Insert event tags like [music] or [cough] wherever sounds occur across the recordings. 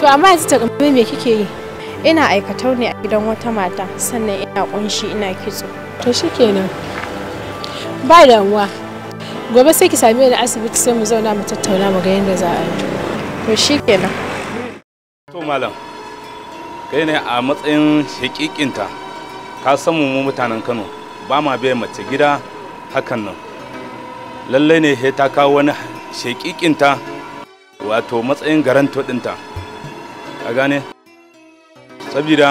To amma yanzu ta gami me kike yi? Ina aikatau ne a gidan wata mata sannan ina kunshi ina kitso. To shikenan. Ba damuwa. Gobe sai ki same ni asibiti sai mu zauna mu tattauna mu ga yadda za a yi. To shikenan. To malam. Kai ne a matsayin hakikinta Ka san mu mutanen Kano ba ma bai mace gida hakan nan. Lallai ne ta kawo wani shekikinta wato matsayin garanto ɗinta. a gane saboda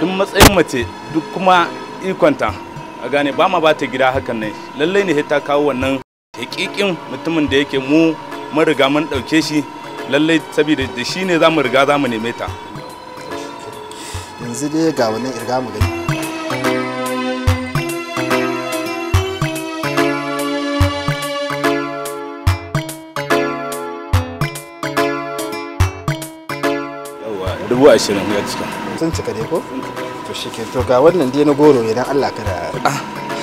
duk matsayin mace duk kuma ikonta a gane ba ma ba ta gida hakan ne lallai ne ta kawo wannan hakikin mutumin da yake mu mun riga mun ɗauke shi lallai saboda da shi ne za mu riga za mu neme ta yanzu dai ga wannan irga mu gani dubu ashirin ya cika sun cika dai ko to shi ke to ga wannan dai na goro ne dan Allah kada ah,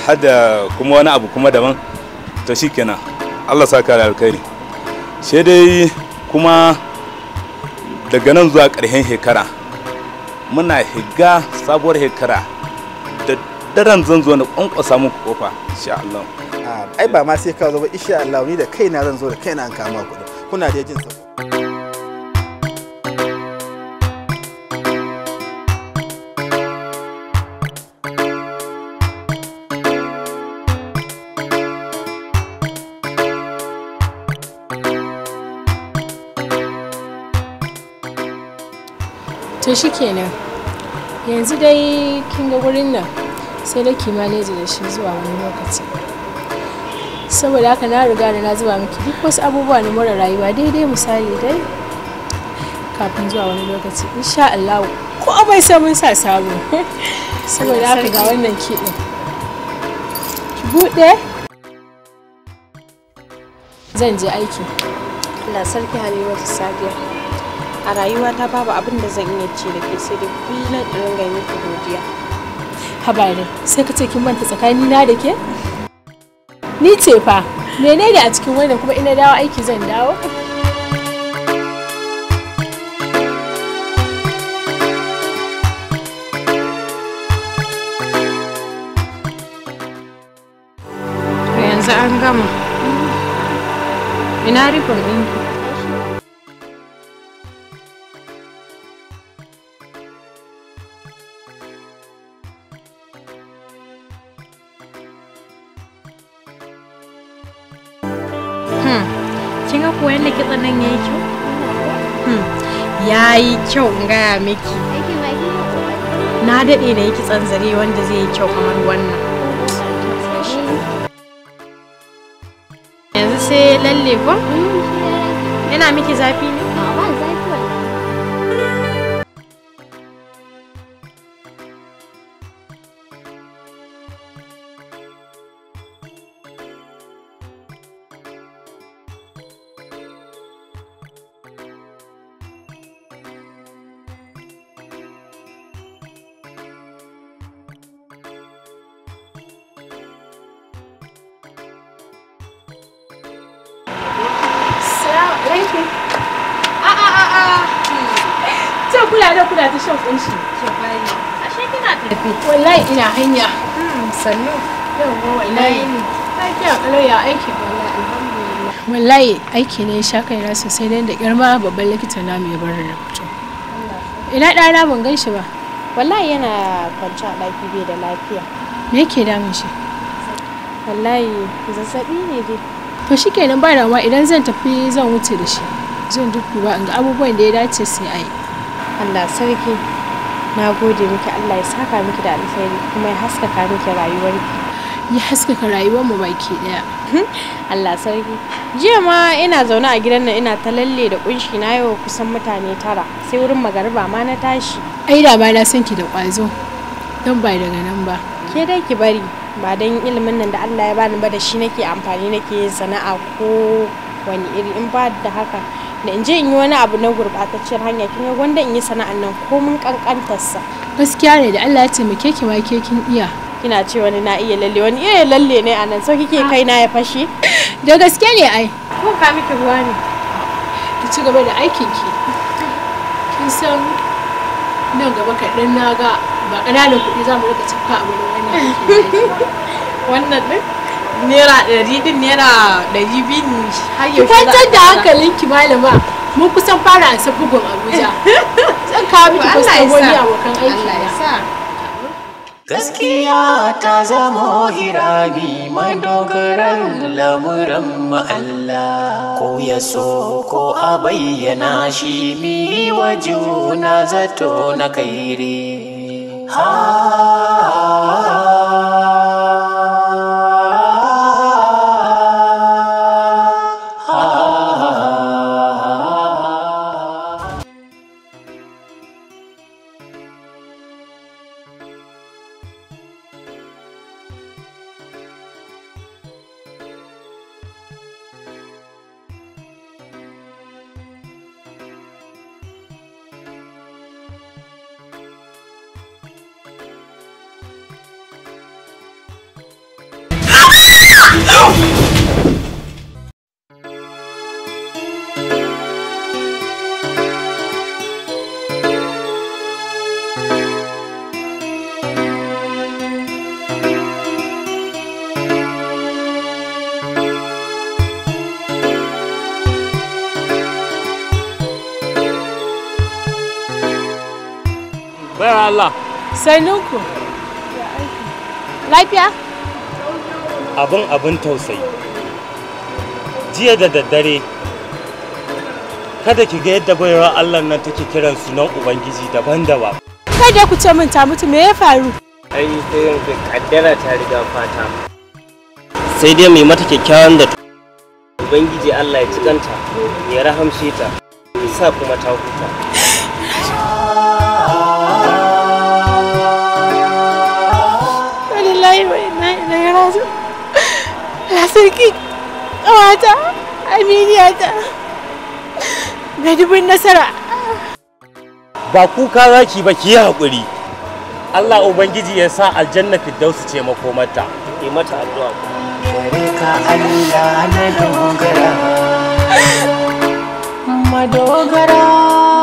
hada kuma wani abu kuma daban to shi kenan Allah sa ka da alkhairi sai dai kuma daga nan zuwa ƙarshen shekara muna higa sabuwar shekara da daren zan zo na kwankwasa muku kofa insha Allah ah, ai ba ma sai ka zo ba insha Allah ni da kaina zan zo da kaina an kama kuɗi kuna da jin tsaro to shi kenan yanzu dai kin ga wurin nan sai da kimaneji da shi zuwa wani lokaci saboda haka na riga da na zuba miki duk wasu abubuwa na mara rayuwa daidai misali dai kafin zuwa wani lokaci insha Allah ko bai sai mun sa sabo [laughs] saboda haka ga wannan kiɗin ki buɗe zan je aiki Allah sarki Halima ta Sadiya. a rayuwata babu abin da zan iya ce da ke sai da kullum in ringa miki godiya habare sai ka ce kin manta tsakani na da ke ni ce fa ne a cikin wannan kuma ina dawo aiki zan dawo yanzu an gama ina rikon ɗinki kyau in gaya miki na daɗe da yi kitsan zare wanda zai yi kyau kamar wannan yanzu sai lalle yana miki zafi ne ran ki a a a a ce kula da kula ta shan kunshi ke bayi ashe kina tafi wallahi ina hanya hmm, sannu yawa wallahi ta ki a kalau ya aiki wallahi alhamdulillah wallahi aiki ne sha kai na sosai dan da girma babban likita na mai da rubutu ina ɗana ban gan shi ba wallahi yana kwanci a ɗaki bai da lafiya me yake damun shi wallahi zazzaɓi ne dai to shi kenan ba damuwa idan zan tafi zan wuce da shi zan dudduba in ga abubuwan da ya dace sai a yi allah sarki na gode miki allah ya saka miki da alkhairi kuma ya haskaka miki rayuwarki ya haskaka rayuwar mu baki daya hmm? allah sarki jiya ma ina zaune a gidan nan ina ta lalle da kunshi na yau kusan mutane tara sai wurin magariba ma na tashi ai da ba na san ki da kwazo don ba daga nan ba ke dai ki bari ba don ilimin nan da Allah ya bani ba da shi nake amfani nake sana'a ko wani iri in ba da haka da in je in yi wani abu na gurbataccen hanya kin gwanda in yi sana'an nan ko mun kankantarsa gaskiya ne da Allah ya taimake ki ma ke kin iya kina ce wani na iya lalle wani iya lalle ne a nan so kike ah. kai na ya fashe [laughs] da gaske ne ai ko ka miki ruwa ne ki ci gaba da aikin ki kin san nan gaba kaɗan na ga ba ƙananan kuɗi za mu rika cika a wurin [laughs] wannan din naira ɗari din naira ɗari biyu har yau da hankalinki malama mun kusan fara a bugun abuja [laughs] zan kawo miki abokan aiki Gaskiya ta zama hirami madogaran lamuran Allah ko ya so ko a bayyana shi mi wa juna zato na kairi. 啊。Where Allah? Sanuku. Lafiya? abin abin tausayi jiya da daddare kada ki ga yadda bayarwa allah nan take kiran sunan ubangiji daban-daban kada ku ce min ta mutu me ya faru ai sai kaddara ta riga fata sai dai mai mata kyakkyawan da ubangiji allah ya cikanta ya rahamshe ta ya sa kuma ta huta Thank you. a sarki ƙawata aminiya ta ga dubin nasara ba kuka zaki ba ki yi haƙuri Allah ubangiji ya sa aljanna firdausu ce mako mata ki mata addu'a ka Allah na dogara madogara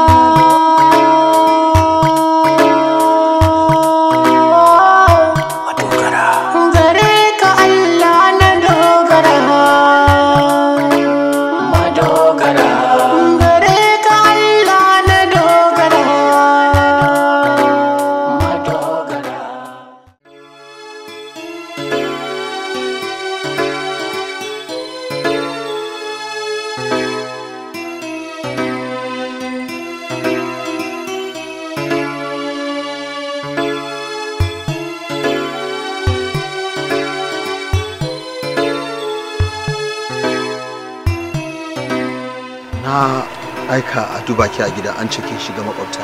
ka a duba ki a gida an cike shi ga makwabta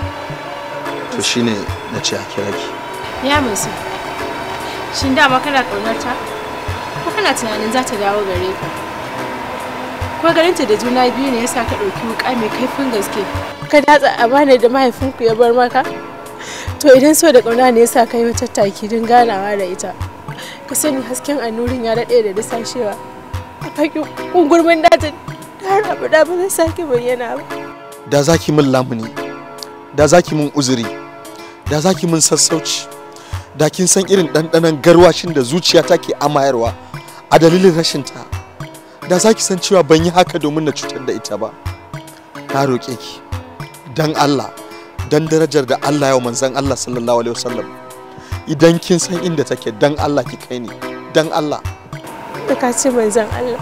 to shine na ce a kira ki ya musu shin dama kana kaunar ta ko kana tunanin za ta dawo gare ka ko ta da juna biyu ne yasa ka dauki wuka mai kaifin gaske ka datsa bani da mahaifinku ya bar maka to idan so da kauna ne yasa ka yi wata taki don ganawa da ita ka sani hasken annurin ya daɗe da dasashewa a fakin ƙungurmin dajin har abu da ba zai sake bayyana ba da za ki min lamuni da za ki min uzuri da za ki min sassauci da kin san irin ɗanɗanon garwashin da zuciyata ke amayarwa a dalilin rashinta da za ki san cewa ban yi haka domin na cutar da ita ba na roƙe ki don allah don darajar da allah yau manzon allah sallallahu alaihi wasallam idan kin san inda take don allah ki kai ni don allah da ka ce manzon allah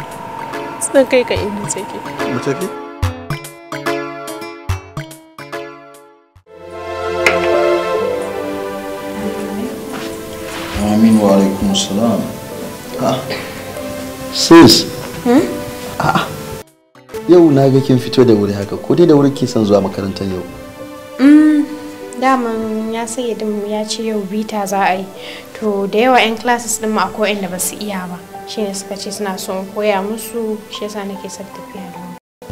sun kai ka inda take mu tafi salam. Ah. sis hmm? yau na ga kin fito da wuri haka ko dai da wuri ke son zuwa makarantar yau mm, daman ya sai din ya ce yau bita za a yi to da yawa 'yan classes din akwai inda ba su iya ba shi ne suka ce suna son koya musu shi yasa nake son tafiya da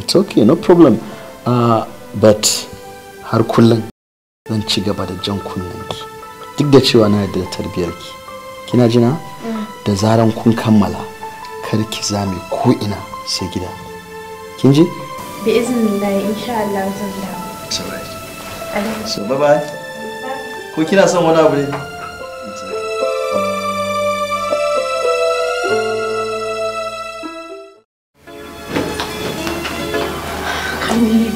it's okay no problem uh, but har kullum zan ci gaba da jan kunnen duk da cewa na da tarbiyyarki. kina jina mm. da zaran kun kammala kar ki zame ko ina sai gida kin ji bi iznillahi insha Allah zan dawo so bye bye ko kina son wani abu ne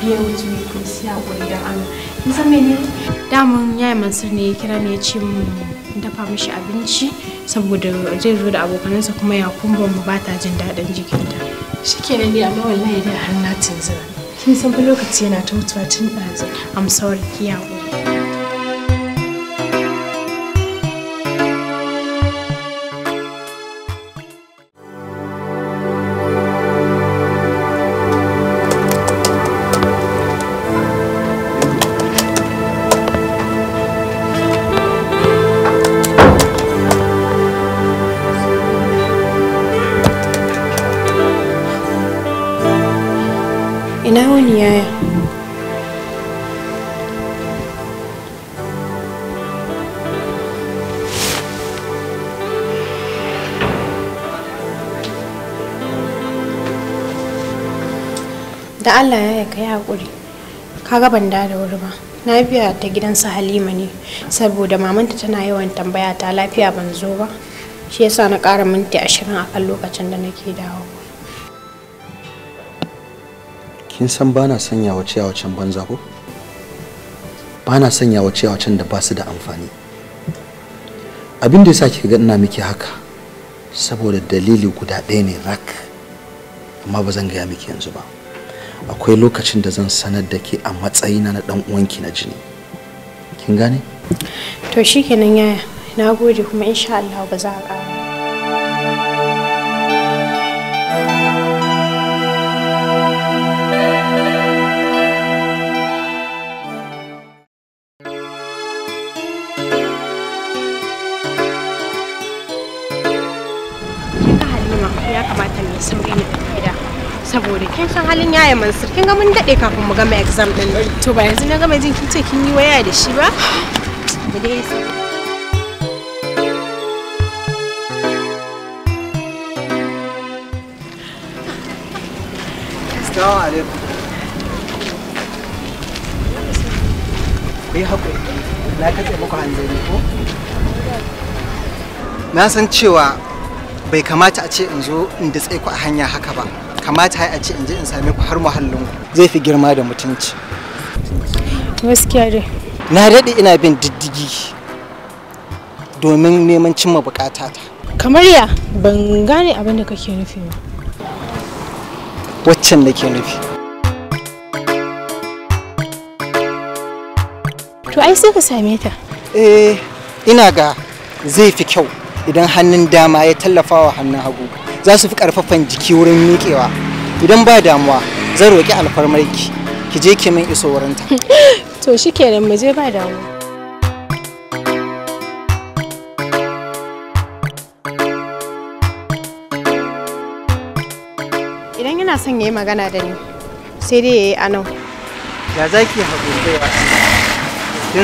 biya wuce mai kunsiya ƙwariyar ana. Nisan mene? Damun yaya Mansur ne ya kira ne ya ce mu dafa mishi abinci saboda zai zo da abokanansa kuma ya kumba mu ba ta jin daɗin jikinta shikenan dai amma wallahi dai har na tunzura kin san fa lokaci yana ta mutuwa tun ɗazu am sorry ki da Allah ya yi kai hakuri kaga ban da da wuri ba na biya ta gidan su Halima ne saboda mamanta tana yawan tambaya ta lafiya ban zo ba shi yasa na ƙara minti ashirin akan lokacin da nake dawo kin san ba na sanya wa wacen banza ko ba na sanya wa wacen da ba su da amfani abin da yasa kika ga ina miki haka saboda dalili guda ɗaya ne rak amma ba zan gaya miki yanzu ba akwai lokacin da zan sanar da ke a matsayina na dan uwanki na jini kin gane to shikenan yaya na gode kuma insha Allah ba za a ƙara aure kin san halin yaya Mansur kin ga mun dade kafin mu gama exam din to ba yanzu na gama jin kin ce kin yi waya da shi ba eh, na san cewa bai kamata a ce in zo in da ku a hanya haka ba. kamata a ce in je in sami ku har muhallin ku zai fi girma da mutunci gaskiya dai na daɗe ina bin diddigi domin neman cimma bukata ta kamar ya ban gane abin da kake nufi ba waccan da ke nufi to ai sai ka same ta eh ina ga zai fi kyau idan hannun dama ya tallafa wa hannun hagu za su fi karfafan jiki wurin miƙewa idan ba damuwa zan roƙi alfarmarki ki je ki min iso wurinta [laughs] to shikenan mu je ba damuwa idan yana son ya yi magana da ni sai dai ya yi anan. ya za ki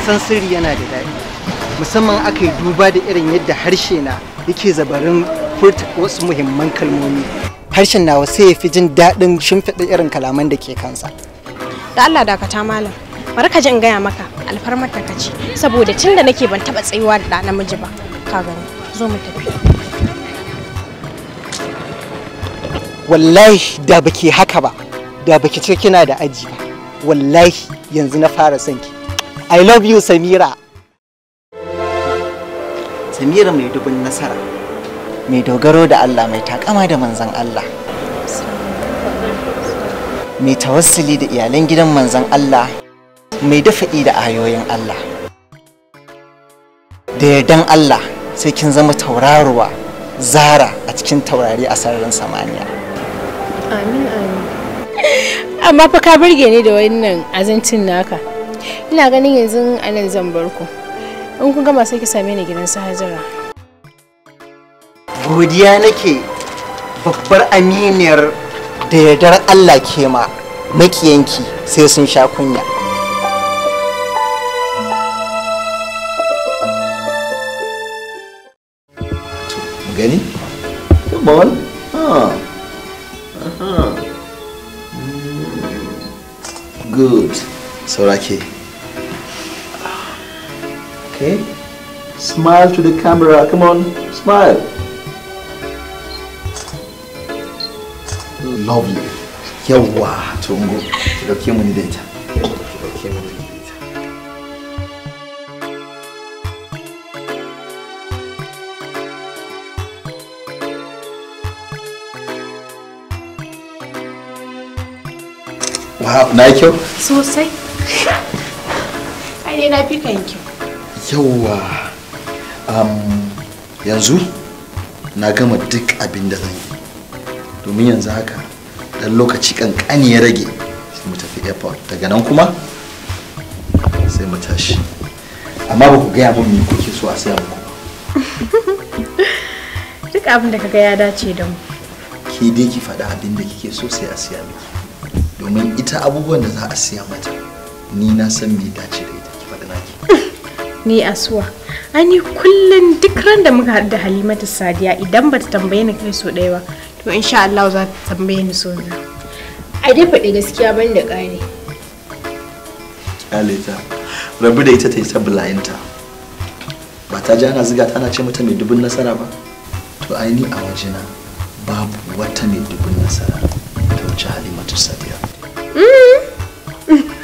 san sirri yana da daɗi musamman aka duba da irin yadda harshe na yake zabarin furta wasu muhimman kalmomi harshen nawa sai ya fi jin daɗin shimfiɗa irin kalaman da ke kansa da Allah dakata malam bari ka ji in gaya maka alfarmar ta kace saboda tun da nake ban taɓa tsayuwa da namiji ba ka gani zo mu tafi wallahi da baki haka ba da baki ce kina da aji ba wallahi yanzu na fara son ki i love you samira samira mai dubin nasara mai dogaro da Allah mai takama da manzan Allah mai tawassuli da iyalan gidan manzan Allah mai dafa'i da ayoyin Allah da yardan Allah sai kin zama tauraruwa zara a cikin taurari a sararin samaniya amin amin amma fa ka burge ni da wannan azancin naka ina ganin yanzu anan zan bar ku in kun gama sai ki same ni gidan su hajara godiya nake babbar aminiyar da yardar Allah ke ma makiyanki sai sun sha kunya gani? ball? Ah. good saurake okay smile to the camera come on smile lovely yawwa tungo ki mu ni ki mu ni wow na kyau sosai ai na fi kan kyau yawwa um, yanzu na gama duk abin da zan yi domin yanzu haka dan lokaci kankani ya rage sai mu tafi airport daga nan kuma sai mu tashi amma ba ku gaya mun me kuke so a saya muku [laughs] duk abin da kaga ya dace da mu ke dai ki faɗa abin da kike so sai a siya miki domin ita abubuwan da za a siya mata ni na san me dace da ita ki faɗa naki [laughs] ni asuwa ani kullum duk ran da muka haɗu da halimatu sadiya idan bata tambaye ni kai so ɗaya ba to insha Allah za ta tambaye ni so biyu ai dai faɗi gaskiya ban da ƙari alita rabu da ita ta yi ta bulayinta ba ta ji ana ziga tana ce mata mai dubun nasara ba to aini a wajena babu wata mai dubun nasara ta wuce halimatu sadiya mm.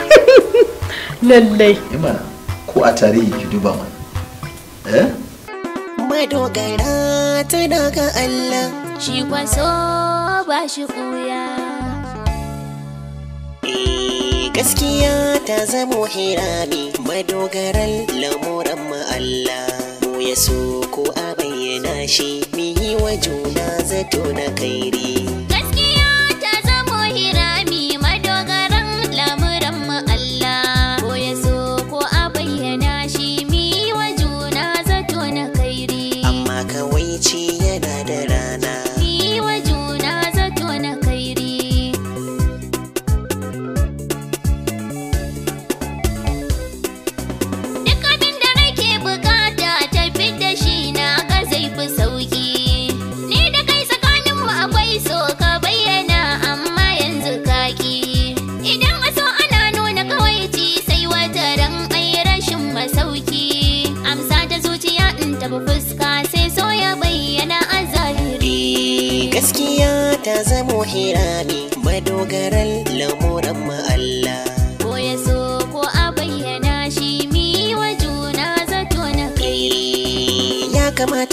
[laughs] lallai Ima eh ko a tarihi ki duba mana eh madogara ta daga Allah shi kwaso ba shi Eh gaskiya ta zamo hirami madogaran lamuran ma'alla mu ya so ko a bayyana shi mihi wa juna zato na kairi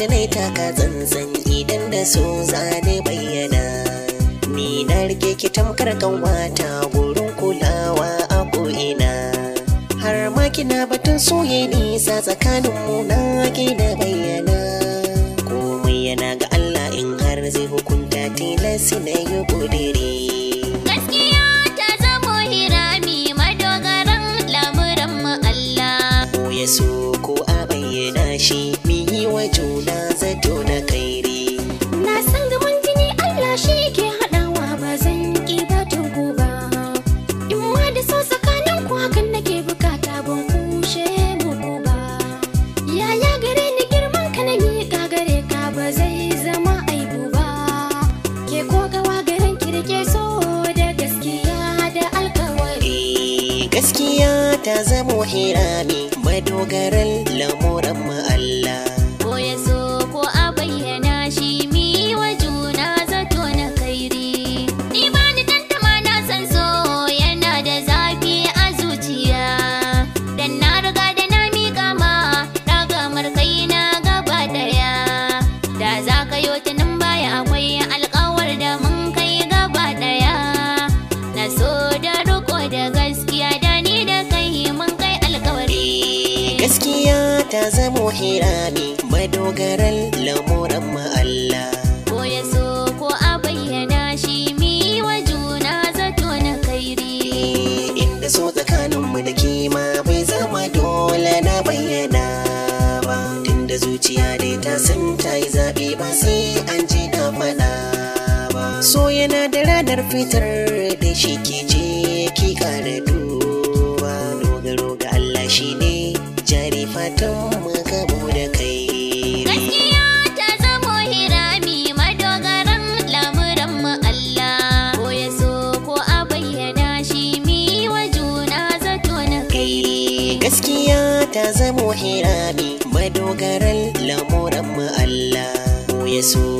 nai taka zanzan idan da su za bayyana ni na rike ki tamkar kanwata gurin kulawa a ko'ina har ma kina batun soye nisa tsakanin mu na ke da bayyana komai yana ga Allah in har zai hukunta tilasi na Jesús.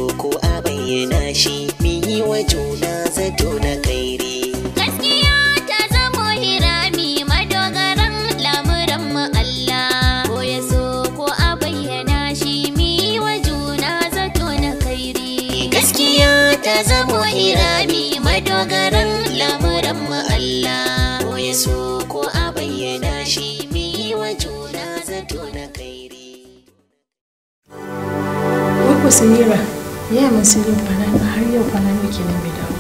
ku samira ya masu yin kwana har yau kwana ne ke nan dawo.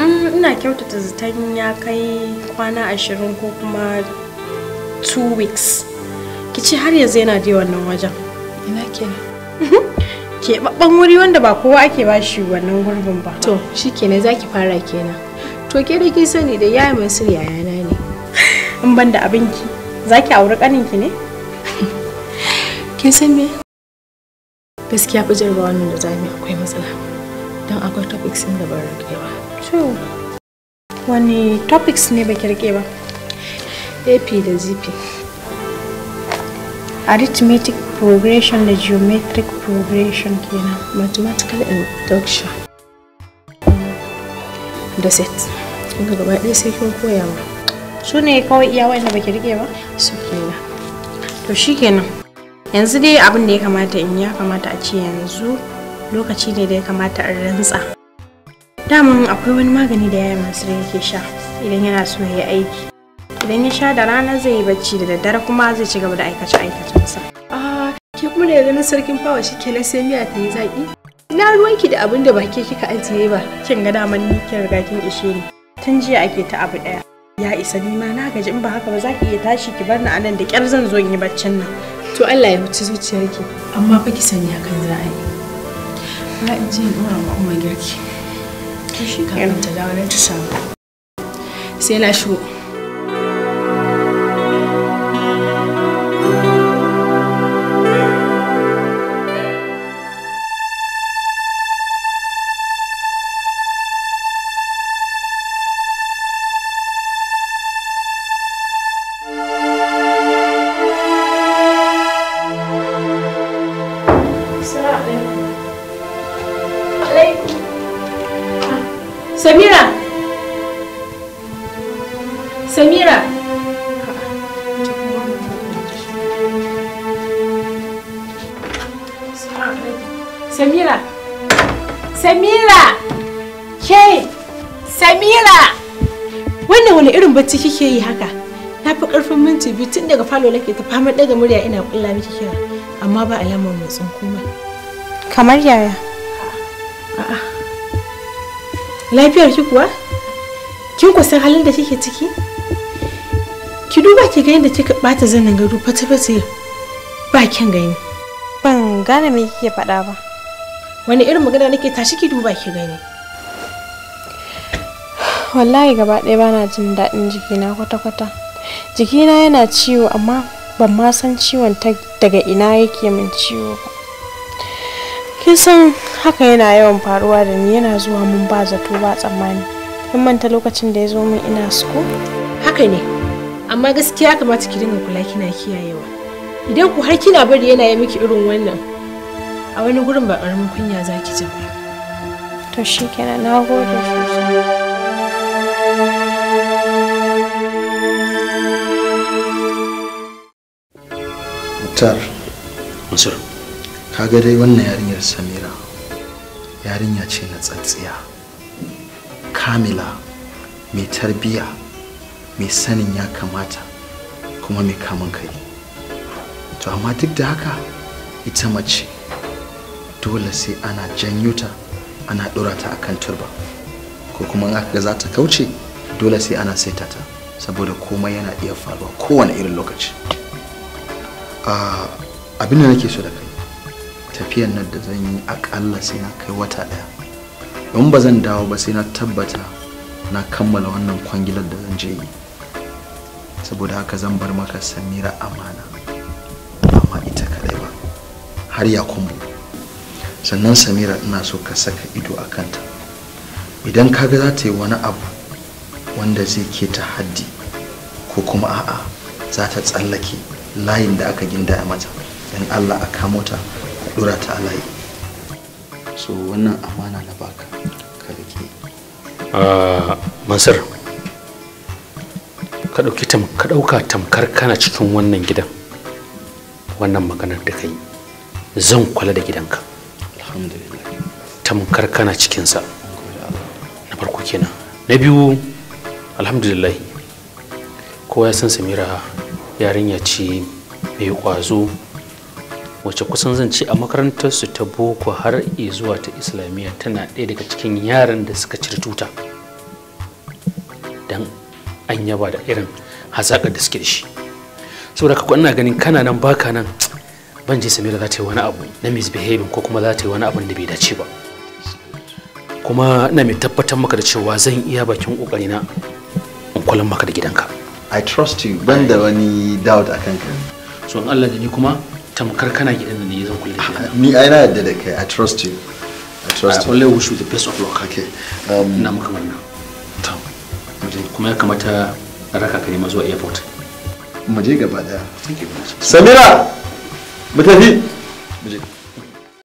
Mm, ina kyautata zaton ya kai kwana ashirin ko kuma two weeks ki ce har yanzu yana da wannan wajen ina ke mhm. keɓaɓɓen wuri wanda ba kowa ake ba shi wannan gurbin ba to shi kenan za ki fara kenan to ke da kin sani da yi mansur yayana ne in ban da abinki za ki auri ƙaninki ne kin san me gaskiya fi jarabawa da zami akwai matsala don akwai topics in da ban rike ba wani topics ne ba ki rike ba ap da gp arithmetic progression da geometric progression kenan mathematical induction da set inda gaba ɗaya sai kin koya ma ne kawai iya wanda ba ki rike ba su kenan to shikenan yanzu dai abin da ya kamata in ya kamata a ce yanzu lokaci ne da ya kamata in rantsa daman akwai wani magani da yayin masu yake sha idan yana so ya aiki idan ya sha da rana zai yi bacci da daddare kuma zai ci gaba da aikace aikacensa ah ke kuma da ganin sarkin fawa shi ke sai miya ta yi zaki na ruwanki da abin da ba ke kika ajiye ba kin ga daman ni kin riga kin ishe ni tun jiya ake ta abu daya ya isa ni ma na gaji in ba haka ba za ki iya tashi ki bar ni a nan da kyar zan zo in yi baccin nan To Allah ya huci zuciyarki, amma fa ki sani hakan za a yi. Ba in ji ina ma kuma girki. Kashi ka ta dawo ta samu. Sai na shigo. falo nake ta fama daga murya ina kulla miki kira amma ba alamar motsin komai kamar yaya a'a lafiyar ki kuwa kin ku san halin da kike ciki ki duba ki ga yadda kika bata zanin gado fata-fata ba kyan gani ban gane me kike faɗa ba wani irin magana nake tashi ki duba ki gani wallahi gaba ɗaya bana jin daɗin jikina kwata-kwata jikina yana ciwo amma ban ma san ciwon daga ina yake min ciwo ba kin san haka yana yawan faruwa da ni yana zuwa mun ba zato ba tsammani in manta lokacin da ya zo min ina suko haka ne amma gaskiya kamata ki dinga kula kina kiyayewa idan ku har kina bari yana yi miki irin wannan a wani gurin ba ƙaramin kunya za ki ji ba to kenan na gode sosai Mansur. Kaga dai wannan yarinyar Samira. Yarinya ce na tsatsiya. Kamila mai tarbiya mai sanin ya kamata kuma mai kamun kai. To amma duk da haka ita mace dole sai ana janyo ta ana ɗora a kan turba ko kuma aka za ta kauce dole sai ana saita ta saboda komai yana iya faruwa kowane irin lokaci. Uh, abin da nake so da kai tafiyan nan da zan yi akalla sai na kai wata daya don ba zan dawo ba sai na tabbata na kammala wannan kwangilar da zan je yi saboda haka zan bar maka samira amana amma ita kadai ba har ya kumbu sannan samira ina so ka saka ido a kanta idan kaga za ta yi wani abu wanda zai ke ta haddi ko kuma a'a za ta tsallake layin da aka ginda gindaya mata in allah a kamo ta a dora ta alayi so wannan amana na baka ka rike ah, masar ka ɗauki ka ɗauka tamkar kana cikin wannan gidan wannan maganar da ka yi zan kula da gidanka tamkar kana cikinsa na farko kenan na biyu alhamdulillah kowa ya san samira yarinya ce mai kwazo wacce kusan zan ce a makarantarsu ta boko har zuwa ta islamiyya tana ɗaya daga cikin yaran da suka cire tuta don an yaba da irin hazaƙar da suke da shi saboda ka ina ganin kana nan baka nan ban ji samira za ta yi wani abu na misbehaving ko kuma za ta yi wani abu da bai dace ba kuma ina mai tabbatar maka da cewa zan iya bakin na in kula maka da gidanka i trust you ban da wani doubt akan ka so in allah da ni kuma tamkar kana gidan ne zan kula da ah, ni ai na yadda da kai i trust you i trust ah, you i only wish you the best of luck okay um ina maka wannan to kuma ya kamata raka ka ma zuwa airport mu je gaba daya thank you samira mu tafi mu je